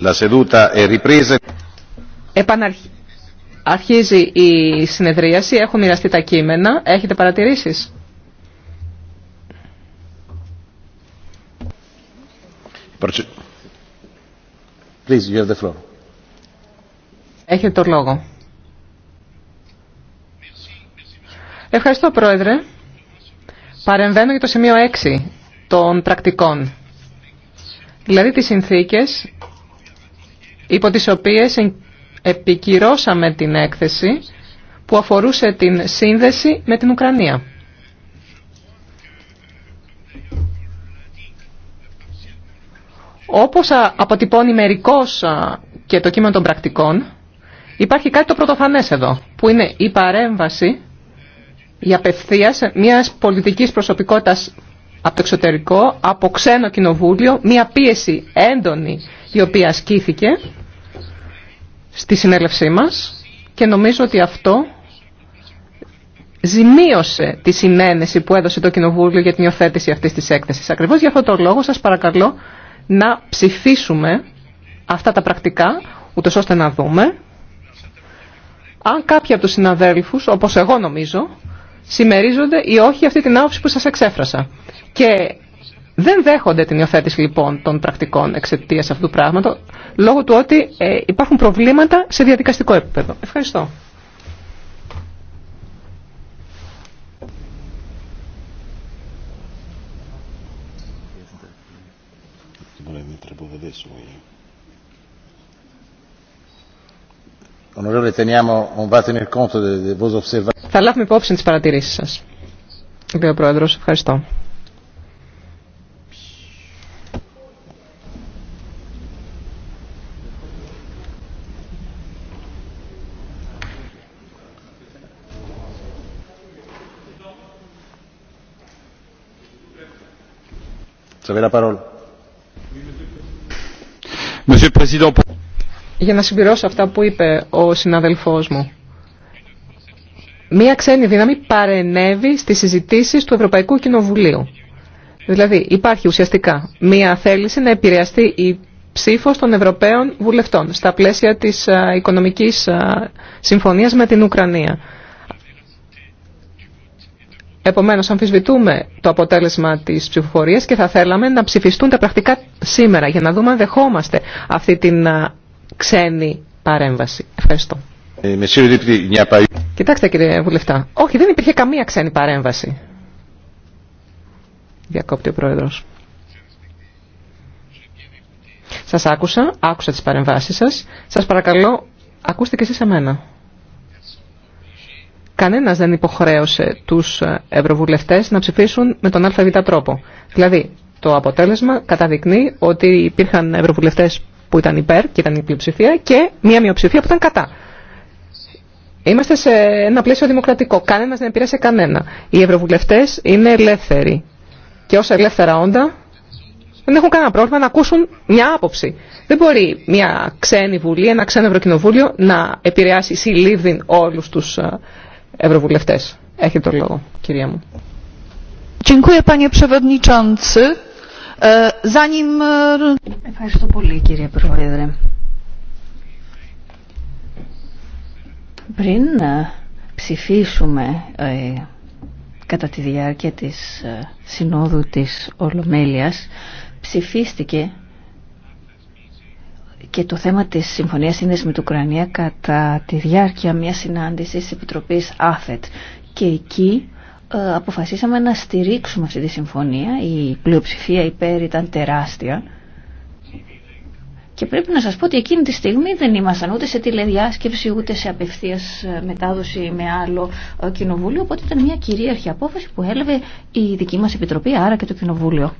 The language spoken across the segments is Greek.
La seduta è η συνεδρίαση. Έχω μοιραστεί τα κείμενα. Έχετε παρατηρήσει. Please, the floor. Έχετε το λόγο. Ευχαριστώ, Πρόεδρε. Παρεμβαίνω για το σημείο 6 των πρακτικών. Δηλαδή τις συνθήκες υπό τις οποίες επικυρώσαμε την έκθεση που αφορούσε την σύνδεση με την Ουκρανία. Όπως αποτυπώνει μερικώς και το κείμενο των πρακτικών, υπάρχει κάτι το πρωτοφανές εδώ, που είναι η παρέμβαση, η απευθείας μιας πολιτικής προσωπικότητας από το εξωτερικό, από ξένο κοινοβούλιο, μια πίεση έντονη η οποία ασκήθηκε στη συνέλευσή μας και νομίζω ότι αυτό ζημίωσε τη συνένεση που έδωσε το Κοινοβούλιο για την υιοθέτηση αυτής της έκθεσης. Ακριβώς για αυτό το λόγο σας παρακαλώ να ψηφίσουμε αυτά τα πρακτικά, ούτως ώστε να δούμε αν κάποιοι από τους συναδέλφους, όπως εγώ νομίζω, συμμερίζονται ή όχι αυτή την άποψη που σας εξέφρασα. Και δεν δέχονται την υιοθέτηση λοιπόν των πρακτικών εξαιτία αυτού του πράγματο, λόγω του ότι ε, υπάρχουν προβλήματα σε διαδικαστικό επίπεδο. Ευχαριστώ. Θα λάβουμε υπόψη τις παρατηρήσεις σας. Κύριε πρόεδρο, ευχαριστώ. Για να συμπληρώσω αυτά που είπε ο συναδελφός μου. Μία ξένη δύναμη παρενεύει στις συζητήσεις του Ευρωπαϊκού Κοινοβουλίου. Δηλαδή υπάρχει ουσιαστικά μία θέληση να επηρεαστεί η ψήφος των Ευρωπαίων βουλευτών στα πλαίσια της οικονομικής συμφωνίας με την Ουκρανία. Επομένως, αμφισβητούμε το αποτέλεσμα της ψηφοφορίας και θα θέλαμε να ψηφιστούν τα πρακτικά σήμερα για να δούμε αν δεχόμαστε αυτή την ξένη παρέμβαση. Ευχαριστώ. Ε, Κοιτάξτε κύριε Βουλευτά, όχι δεν υπήρχε καμία ξένη παρέμβαση. Διακόπτει ο Πρόεδρος. Σας άκουσα, άκουσα τις παρεμβάσεις σας. Σας παρακαλώ, ακούστε και εσείς εμένα κανένας δεν υποχρέωσε τους ε, ευρωβουλευτές να ψηφίσουν με τον ΑΒ τρόπο. Δηλαδή, το αποτέλεσμα καταδεικνύει ότι υπήρχαν ευρωβουλευτές που ήταν υπέρ και ήταν η πλειοψηφία και μία μειοψηφία που ήταν κατά. Είμαστε σε ένα πλαίσιο δημοκρατικό. Κανένα δεν επηρέασε κανένα. Οι ευρωβουλευτέ είναι ελεύθεροι. Και όσα ελεύθερα όντα δεν έχουν κανένα πρόβλημα να ακούσουν μια άποψη. Δεν μπορεί μια ξένη βουλή, ένα ξένο ευρωκοινοβούλιο να επηρεάσει συλλήβδιν ευρωκοινοβουλιο να επηρεασει συλλήβδη ολου του ε, ευρωβουλευτές. Έχετε το λόγο, κυρία μου. E, e, Ευχαριστώ πολύ, κύριε Πρόεδρε. Πριν ε, ψηφίσουμε ε, κατά τη διάρκεια της ε, Συνόδου της Ολομέλειας, ψηφίστηκε και το θέμα της Συμφωνίας Σύνδεσης με την Ουκρανία κατά τη διάρκεια μιας συνάντησης της Επιτροπής ΑΦΕΤ και εκεί ε, αποφασίσαμε να στηρίξουμε αυτή τη συμφωνία η πλειοψηφία υπέρ ήταν τεράστια και πρέπει να σας πω ότι εκείνη τη στιγμή δεν ήμασταν ούτε σε τηλεδιάσκεψη ούτε σε απευθείας ε, μετάδοση με άλλο ε, κοινοβούλιο οπότε ήταν μια κυρίαρχη απόφαση που έλαβε η δική μας επιτροπή άρα και το κοινοβούλιο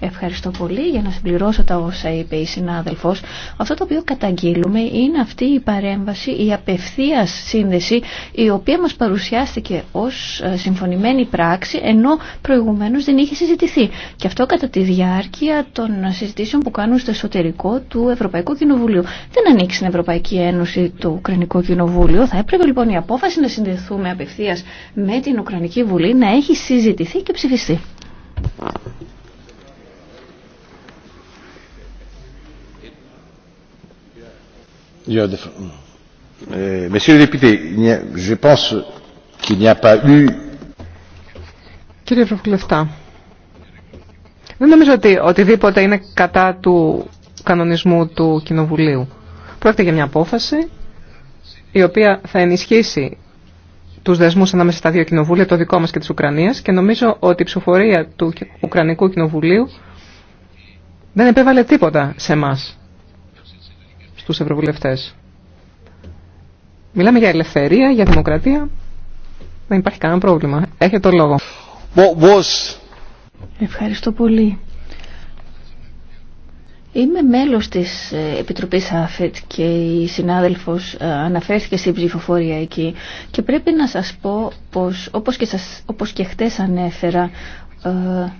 Ευχαριστώ πολύ. Για να συμπληρώσω τα όσα είπε η συνάδελφος, αυτό το οποίο καταγγείλουμε είναι αυτή η παρέμβαση, η απευθείας σύνδεση, η οποία μας παρουσιάστηκε ως ε, συμφωνημένη πράξη, ενώ προηγουμένως δεν είχε συζητηθεί. Και αυτό κατά τη διάρκεια των συζητήσεων που κάνουν στο εσωτερικό του Ευρωπαϊκού Κοινοβουλίου. Δεν ανοίξει στην Ευρωπαϊκή Ένωση το Ουκρανικό Κοινοβούλιο. Θα έπρεπε λοιπόν η απόφαση να συνδεθούμε απευθεία με την Ουκρανική Βουλή να έχει συζητηθεί και ψηφιστεί. Euh, Κύριε Ευρωβουλευτά, δεν νομίζω ότι οτιδήποτε είναι κατά του κανονισμού του Κοινοβουλίου. Πρόκειται για μια απόφαση η οποία θα ενισχύσει τους δεσμούς ανάμεσα στα δύο κοινοβούλια, το δικό μας και της Ουκρανίας και νομίζω ότι η ψηφορία του Ουκρανικού Κοινοβουλίου δεν επέβαλε τίποτα σε εμά στους ευρωβουλευτές. Μιλάμε για ελευθερία, για δημοκρατία. Δεν υπάρχει κανένα πρόβλημα. Έχετε το λόγο. Ευχαριστώ πολύ. Είμαι μέλος της ε, Επιτροπής ΑΦΕΤ και η συνάδελφος ε, αναφέρθηκε στην ψηφοφορία εκεί και πρέπει να σας πω πως όπως και, σας, όπως και χτες ανέφερα ε,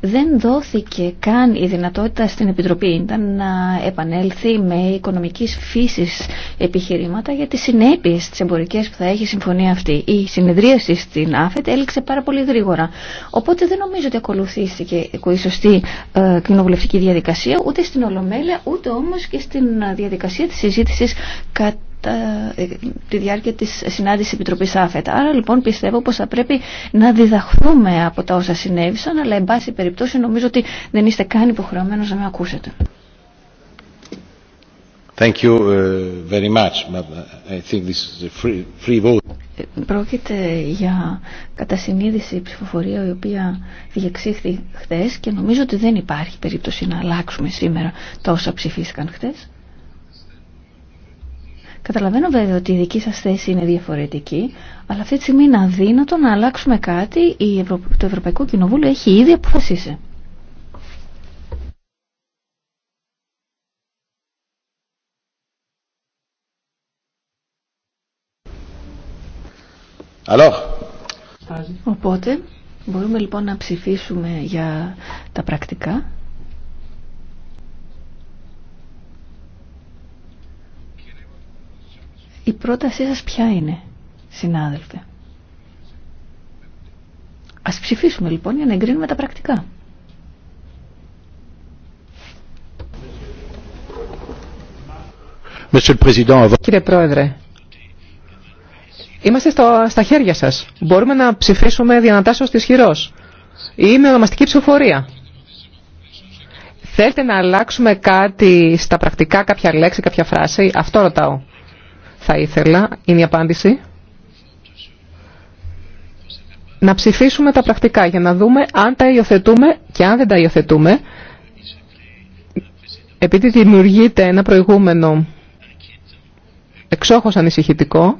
δεν δόθηκε καν η δυνατότητα στην Επιτροπή ήταν να επανέλθει με οικονομικής φύσης επιχειρήματα για τις συνέπειες τις εμπορικές που θα έχει η συμφωνία αυτή. Η συνεδρίαση στην ΑΦΕΤ έληξε πάρα πολύ γρήγορα. Οπότε δεν νομίζω ότι ακολουθήθηκε η σωστή ε, κοινοβουλευτική διαδικασία ούτε στην Ολομέλεια ούτε όμως και στην διαδικασία της συζήτησης κατά ε, τη διάρκεια της συνάντησης Επιτροπής ΑΦΕΤ. Άρα λοιπόν πιστεύω πως θα πρέπει να διδαχθούμε από τα όσα συνέβησαν, αλλά εν πάση περιπτώσει νομίζω ότι δεν είστε καν υποχρεωμένος να με ακούσετε. Thank you uh, very much. Uh, I think this is a free, vote. Ε, πρόκειται για κατασυνείδηση ψηφοφορία η οποία διεξήχθη χθες και νομίζω ότι δεν υπάρχει περίπτωση να αλλάξουμε σήμερα τα όσα ψηφίστηκαν χθες. Καταλαβαίνω βέβαια ότι η δική σας θέση είναι διαφορετική, αλλά αυτή τη στιγμή είναι αδύνατο να αλλάξουμε κάτι. Η Το Ευρωπαϊκό Κοινοβούλιο έχει ήδη αποφασίσει. Οπότε μπορούμε λοιπόν να ψηφίσουμε για τα πρακτικά. Η πρότασή σας ποια είναι, συνάδελφε. Ας ψηφίσουμε λοιπόν για να εγκρίνουμε τα πρακτικά. Κύριε Πρόεδρε, είμαστε στα χέρια σας. Μπορούμε να ψηφίσουμε διανατάσσεως της χειρός ή με ονομαστική ψηφοφορία. Θέλετε να αλλάξουμε κάτι στα πρακτικά, κάποια λέξη, κάποια φράση. Αυτό ρωτάω θα ήθελα, είναι η απάντηση, να ψηφίσουμε τα πρακτικά για να δούμε αν τα υιοθετούμε και αν δεν τα υιοθετούμε, επειδή δημιουργείται ένα προηγούμενο εξόχως ανησυχητικό,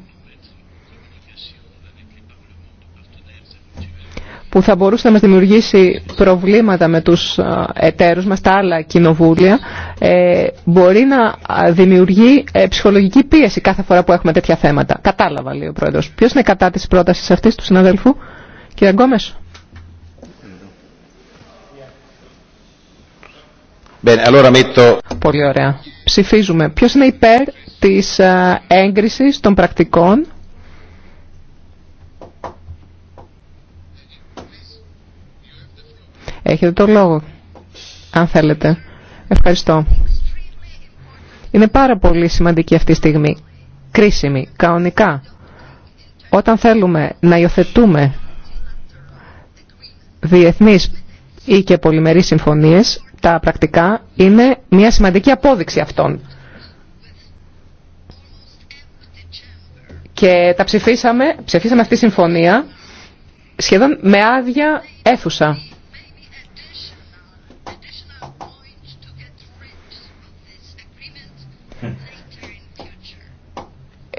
που θα μπορούσε να μας δημιουργήσει προβλήματα με τους εταίρους μας, τα άλλα κοινοβούλια, ε, μπορεί να δημιουργεί ε, ψυχολογική πίεση κάθε φορά που έχουμε τέτοια θέματα. Κατάλαβα, λέει ο Πρόεδρος. Ποιος είναι κατά της πρότασης αυτής του συναδέλφου, κύριε Γκόμες. Πολύ ωραία. Ψηφίζουμε. Ποιος είναι υπέρ της έγκρισης των πρακτικών Έχετε το λόγο, αν θέλετε. Ευχαριστώ. Είναι πάρα πολύ σημαντική αυτή η στιγμή. Κρίσιμη, κανονικά. Όταν θέλουμε να υιοθετούμε διεθνείς ή και πολυμερείς συμφωνίες, τα πρακτικά είναι μια σημαντική απόδειξη αυτών. Και τα ψηφίσαμε, ψηφίσαμε αυτή τη συμφωνία σχεδόν με άδεια αίθουσα.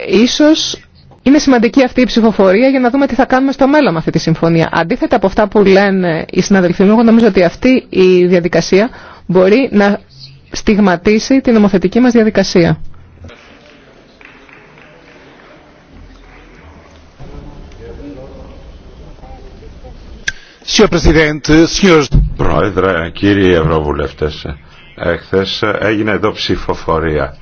ίσως είναι σημαντική αυτή η ψηφοφορία για να δούμε τι θα κάνουμε στο μέλλον με αυτή τη συμφωνία. Αντίθετα από αυτά που λένε οι συναδελφοί μου, εγώ νομίζω ότι αυτή η διαδικασία μπορεί να στιγματίσει την νομοθετική μας διαδικασία. Πρόεδρε, κύριοι Ευρωβουλευτές, εχθές έγινε εδώ ψηφοφορία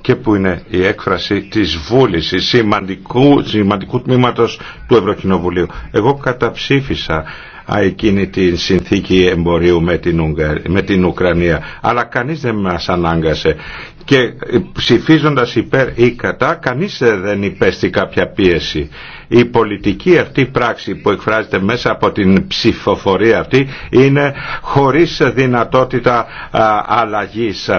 και που είναι η έκφραση της βούλησης σημαντικού, σημαντικού τμήματος του Ευρωκοινοβουλίου. Εγώ καταψήφισα εκείνη τη συνθήκη εμπορίου με την, Ουκρανία. Αλλά κανείς δεν μας ανάγκασε. Και ψηφίζοντας υπέρ ή κατά, κανείς δεν υπέστη κάποια πίεση. Η πολιτική αυτή πράξη που εκφράζεται μέσα από την ψηφοφορία αυτή είναι χωρίς δυνατότητα αλλαγής.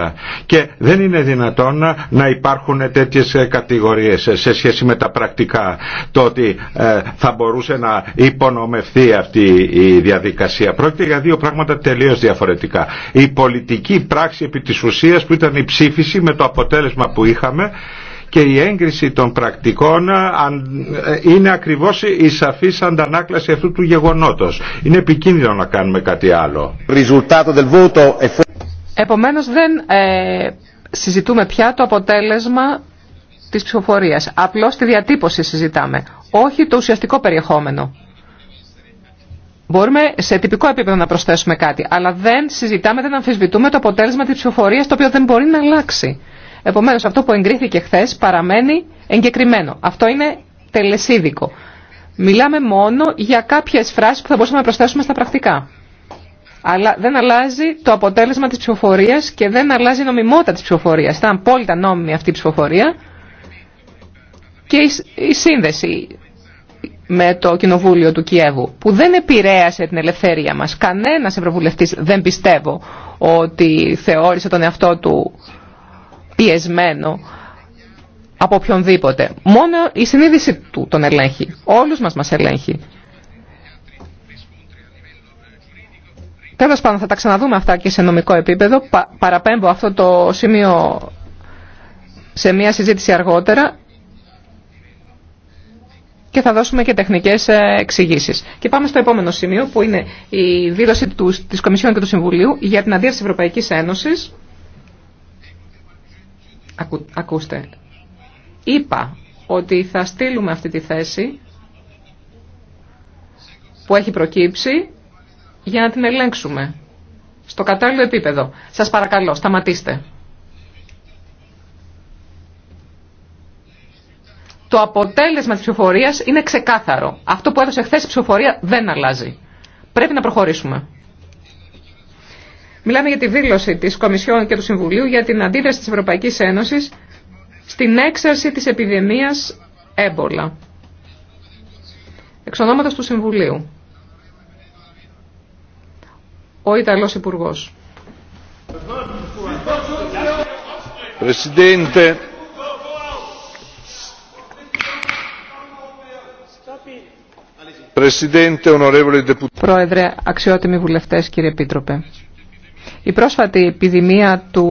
Και δεν είναι δυνατόν να υπάρχουν τέτοιες κατηγορίες σε σχέση με τα πρακτικά. Το ότι ε, θα μπορούσε να υπονομευθεί αυτή η διαδικασία. Πρόκειται για δύο πράγματα τελείως διαφορετικά. Η πολιτική πράξη επί της ουσίας που ήταν η ψήφιση με το αποτέλεσμα που είχαμε και η έγκριση των πρακτικών ε, ε, είναι ακριβώς η σαφής αντανάκλαση αυτού του γεγονότος. Είναι επικίνδυνο να κάνουμε κάτι άλλο. E Επομένως δεν ε, συζητούμε πια το αποτέλεσμα της ψηφοφορίας. Απλώς τη διατύπωση συζητάμε. Όχι το ουσιαστικό περιεχόμενο. Μπορούμε σε τυπικό επίπεδο να προσθέσουμε κάτι, αλλά δεν συζητάμε, δεν αμφισβητούμε το αποτέλεσμα τη ψηφοφορία, το οποίο δεν μπορεί να αλλάξει. Επομένω, αυτό που εγκρίθηκε χθε παραμένει εγκεκριμένο. Αυτό είναι τελεσίδικο. Μιλάμε μόνο για κάποιε φράσει που θα μπορούσαμε να προσθέσουμε στα πρακτικά. Αλλά δεν αλλάζει το αποτέλεσμα τη ψηφοφορία και δεν αλλάζει η νομιμότητα της ψηφοφορία. Ήταν απόλυτα νόμιμη αυτή η ψηφοφορία και η σύνδεση με το Κοινοβούλιο του Κιέβου, που δεν επηρέασε την ελευθερία μας. Κανένας Ευρωβουλευτής δεν πιστεύω ότι θεώρησε τον εαυτό του πιεσμένο από οποιονδήποτε. Μόνο η συνείδηση του τον ελέγχει. Όλους μας μας ελέγχει. Τέλο πάντων θα τα ξαναδούμε αυτά και σε νομικό επίπεδο. Παραπέμπω αυτό το σημείο σε μια συζήτηση αργότερα και θα δώσουμε και τεχνικές ε, εξηγήσει. Και πάμε στο επόμενο σημείο που είναι η δήλωση τη της Κομισιόν και του Συμβουλίου για την αντίρρηση Ευρωπαϊκής Ένωσης. Ακού, ακούστε. Είπα ότι θα στείλουμε αυτή τη θέση που έχει προκύψει για να την ελέγξουμε στο κατάλληλο επίπεδο. Σας παρακαλώ, σταματήστε. το αποτέλεσμα της ψηφοφορίας είναι ξεκάθαρο. Αυτό που έδωσε χθε η ψηφοφορία δεν αλλάζει. Πρέπει να προχωρήσουμε. Μιλάμε για τη δήλωση της Κομισιόν και του Συμβουλίου για την αντίδραση της Ευρωπαϊκής Ένωσης στην έξαρση της επιδημίας έμπολα. Εξ του Συμβουλίου. Ο Ιταλός Υπουργός. Presidente. Πρόεδρε, αξιότιμοι βουλευτές, κύριε Επίτροπε. Η πρόσφατη επιδημία του